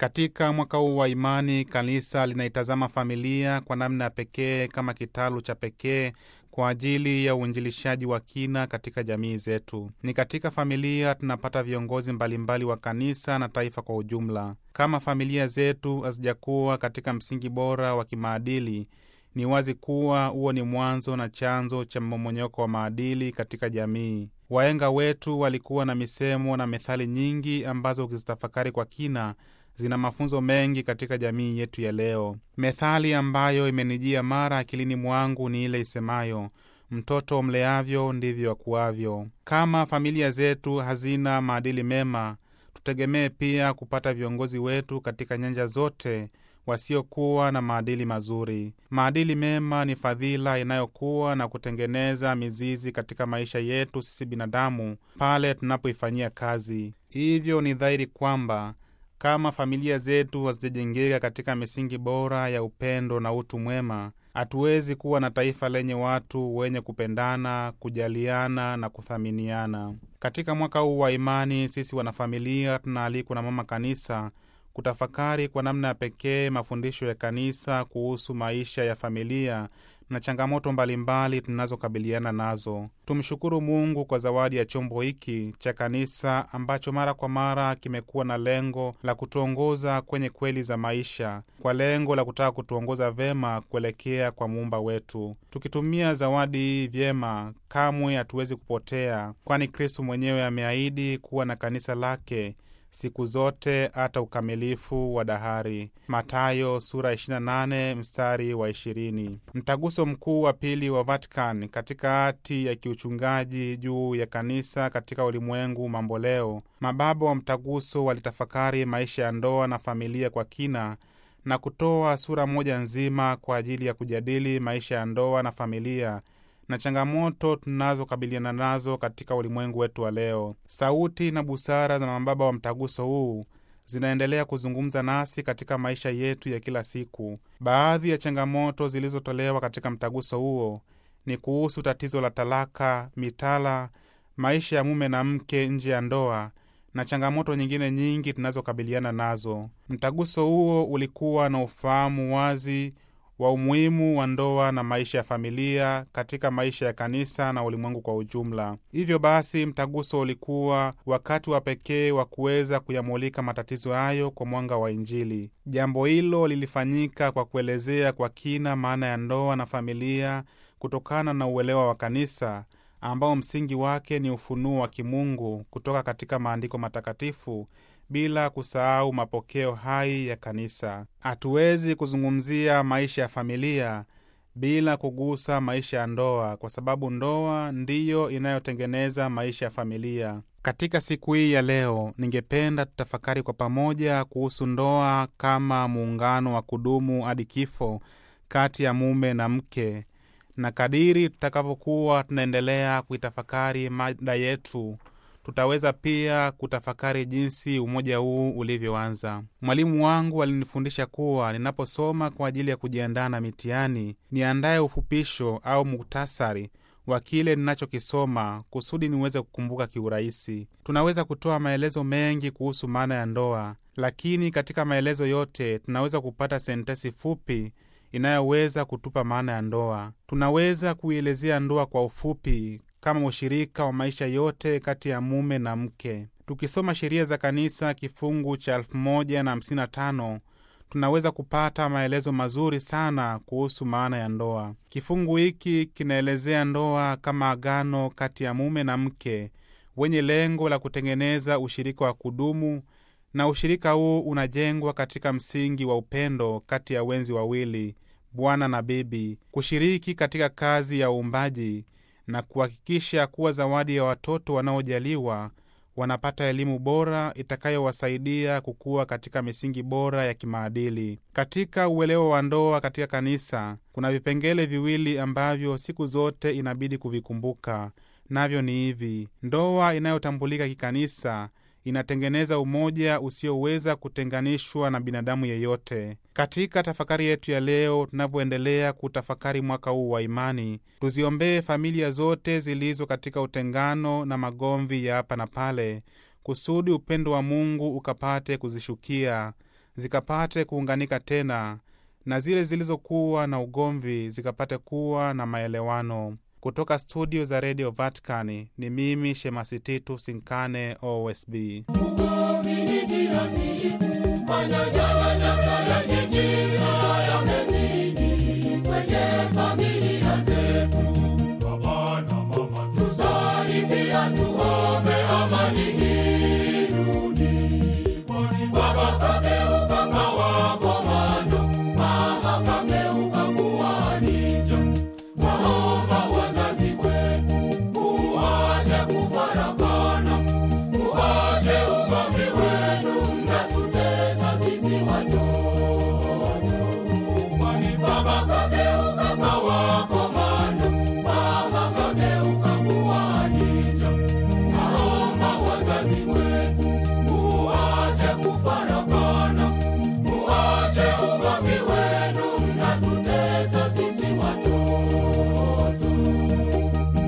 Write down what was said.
Katika mwaka huu wa imani, kanisa linaitazama familia kwa namna ya pekee kama kitalu cha pekee kwa ajili ya uinjilishaji wa kina katika jamii zetu. Ni katika familia tunapata viongozi mbalimbali mbali wa kanisa na taifa kwa ujumla. Kama familia zetu hazijakuwa katika msingi bora wa kimaadili, ni wazi kuwa huo ni mwanzo na chanzo cha mmomonyoko wa maadili katika jamii. Wahenga wetu walikuwa na misemo na methali nyingi ambazo ukizitafakari kwa kina zina mafunzo mengi katika jamii yetu ya leo. Methali ambayo imenijia mara akilini mwangu ni ile isemayo mtoto mleavyo ndivyo akuavyo. Kama familia zetu hazina maadili mema, tutegemee pia kupata viongozi wetu katika nyanja zote wasiokuwa na maadili mazuri. Maadili mema ni fadhila inayokuwa na kutengeneza mizizi katika maisha yetu sisi binadamu pale tunapoifanyia kazi. Hivyo ni dhahiri kwamba kama familia zetu hazijajengeka katika misingi bora ya upendo na utu mwema, hatuwezi kuwa na taifa lenye watu wenye kupendana, kujaliana na kuthaminiana. Katika mwaka huu wa imani, sisi wanafamilia tunaalikwa na Mama Kanisa kutafakari kwa namna ya pekee mafundisho ya kanisa kuhusu maisha ya familia na changamoto mbalimbali tunazokabiliana nazo. Tumshukuru Mungu kwa zawadi ya chombo hiki cha kanisa ambacho mara kwa mara kimekuwa na lengo la kutuongoza kwenye kweli za maisha, kwa lengo la kutaka kutuongoza vyema kuelekea kwa muumba wetu. Tukitumia zawadi hii vyema, kamwe hatuwezi kupotea, kwani Kristu mwenyewe ameahidi kuwa na kanisa lake siku zote hata ukamilifu wa dahari. Matayo sura 28 mstari wa 20. Mtaguso mkuu wa pili wa Vatican katika hati ya kiuchungaji juu ya kanisa katika ulimwengu mamboleo mababa wa mtaguso walitafakari maisha ya ndoa na familia kwa kina na kutoa sura moja nzima kwa ajili ya kujadili maisha ya ndoa na familia na changamoto tunazokabiliana nazo katika ulimwengu wetu wa leo. Sauti na busara za mababa wa mtaguso huu zinaendelea kuzungumza nasi katika maisha yetu ya kila siku. Baadhi ya changamoto zilizotolewa katika mtaguso huo ni kuhusu tatizo la talaka, mitala, maisha ya mume na mke nje ya ndoa na changamoto nyingine nyingi tunazokabiliana nazo. Mtaguso huo ulikuwa na ufahamu wazi wa umuhimu wa ndoa na maisha ya familia katika maisha ya kanisa na ulimwengu kwa ujumla. Hivyo basi, mtaguso ulikuwa wakati wa pekee wa kuweza kuyamulika matatizo hayo kwa mwanga wa Injili. Jambo hilo lilifanyika kwa kuelezea kwa kina maana ya ndoa na familia kutokana na uelewa wa kanisa ambao msingi wake ni ufunuo wa kimungu kutoka katika maandiko matakatifu bila kusahau mapokeo hai ya kanisa. Hatuwezi kuzungumzia maisha ya familia bila kugusa maisha ya ndoa, kwa sababu ndoa ndiyo inayotengeneza maisha ya familia. Katika siku hii ya leo, ningependa tutafakari kwa pamoja kuhusu ndoa kama muungano wa kudumu hadi kifo kati ya mume na mke, na kadiri tutakapokuwa tunaendelea kuitafakari mada yetu tutaweza pia kutafakari jinsi umoja huu ulivyoanza. Mwalimu wangu alinifundisha kuwa ninaposoma kwa ajili ya kujiandaa na mitihani, niandaye ufupisho au muktasari wa kile ninachokisoma kusudi niweze kukumbuka kiurahisi. Tunaweza kutoa maelezo mengi kuhusu maana ya ndoa, lakini katika maelezo yote tunaweza kupata sentesi fupi inayoweza kutupa maana ya ndoa. Tunaweza kuielezea ndoa kwa ufupi kama ushirika wa maisha yote kati ya mume na mke. Tukisoma sheria za kanisa kifungu cha 1055 tunaweza kupata maelezo mazuri sana kuhusu maana ya ndoa. Kifungu hiki kinaelezea ndoa kama agano kati ya mume na mke wenye lengo la kutengeneza ushirika wa kudumu, na ushirika huu unajengwa katika msingi wa upendo kati ya wenzi wawili, bwana na bibi, kushiriki katika kazi ya uumbaji na kuhakikisha kuwa zawadi ya watoto wanaojaliwa wanapata elimu bora itakayowasaidia kukua katika misingi bora ya kimaadili. Katika uelewa wa ndoa katika kanisa, kuna vipengele viwili ambavyo siku zote inabidi kuvikumbuka, navyo ni hivi: ndoa inayotambulika kikanisa inatengeneza umoja usioweza kutenganishwa na binadamu yeyote. Katika tafakari yetu ya leo, tunavyoendelea kutafakari mwaka huu wa imani, tuziombee familia zote zilizo katika utengano na magomvi ya hapa na pale, kusudi upendo wa Mungu ukapate kuzishukia, zikapate kuunganika tena, na zile zilizokuwa na ugomvi zikapate kuwa na maelewano. Kutoka studio za redio Vaticani ni mimi Shemasititu Sinkane OSB. kazi mwema.